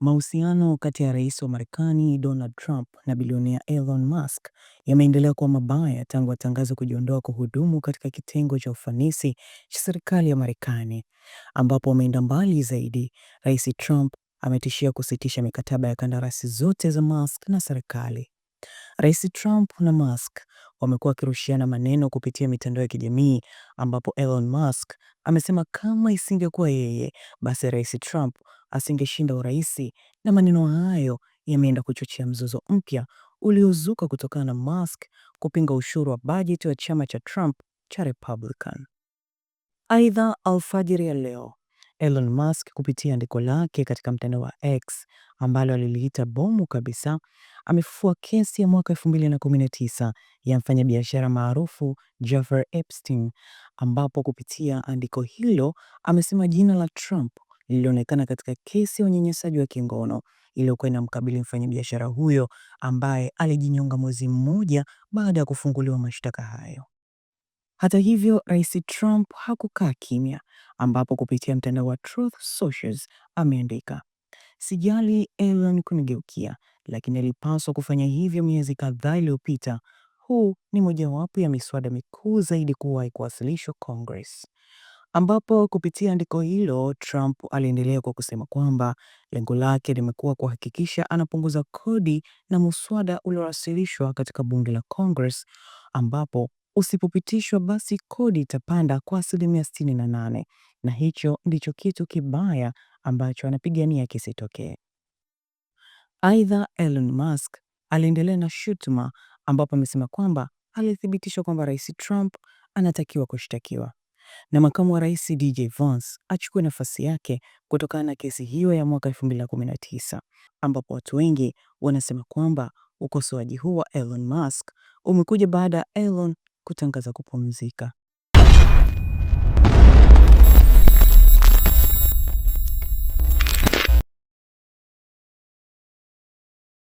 Mahusiano kati ya rais wa Marekani Donald Trump na bilionea Elon Musk yameendelea kuwa mabaya tangu atangaze kujiondoa kuhudumu katika kitengo cha ufanisi cha serikali ya Marekani, ambapo wameenda mbali zaidi. Rais Trump ametishia kusitisha mikataba ya kandarasi zote za Musk na serikali. Rais Trump na Musk wamekuwa wakirushiana maneno kupitia mitandao ya kijamii ambapo Elon Musk amesema kama isingekuwa yeye basi Rais Trump asingeshinda uraisi, na maneno hayo yameenda kuchochea mzozo mpya uliozuka kutokana na Musk kupinga ushuru wa bajeti wa chama cha Trump cha Republican. Aidha, alfajiri ya leo Elon Musk kupitia andiko lake katika mtandao wa X ambalo aliliita bomu kabisa, amefufua kesi ya mwaka 2019 ya mfanyabiashara maarufu Jeffrey Epstein, ambapo kupitia andiko hilo amesema jina la Trump lilionekana katika kesi ya unyanyasaji wa kingono iliyokuwa inamkabili mfanyabiashara huyo ambaye alijinyonga mwezi mmoja baada ya kufunguliwa mashtaka hayo. Hata hivyo, Rais Trump hakukaa kimya, ambapo kupitia mtandao wa Truth Socials ameandika, sijali Elon kunigeukia, lakini alipaswa kufanya hivyo miezi kadhaa iliyopita. Huu ni mojawapo ya miswada mikuu zaidi kuwahi kuwasilishwa Congress, ambapo kupitia andiko hilo Trump aliendelea kwa kusema kwamba lengo lake limekuwa kuhakikisha anapunguza kodi na muswada uliowasilishwa katika bunge la Congress ambapo usipopitishwa basi kodi itapanda kwa asilimia 68 na nane na hicho ndicho kitu kibaya ambacho anapigania kisitokee. Aidha, Elon Musk aliendelea na shutuma ambapo amesema kwamba alithibitishwa kwamba Rais Trump anatakiwa kushtakiwa na makamu wa rais DJ Vance achukue nafasi yake kutokana na kesi hiyo ya mwaka 2019 ambapo watu wengi wanasema kwamba ukosoaji huu wa Elon Musk umekuja baada ya Elon kutangaza kupumzika.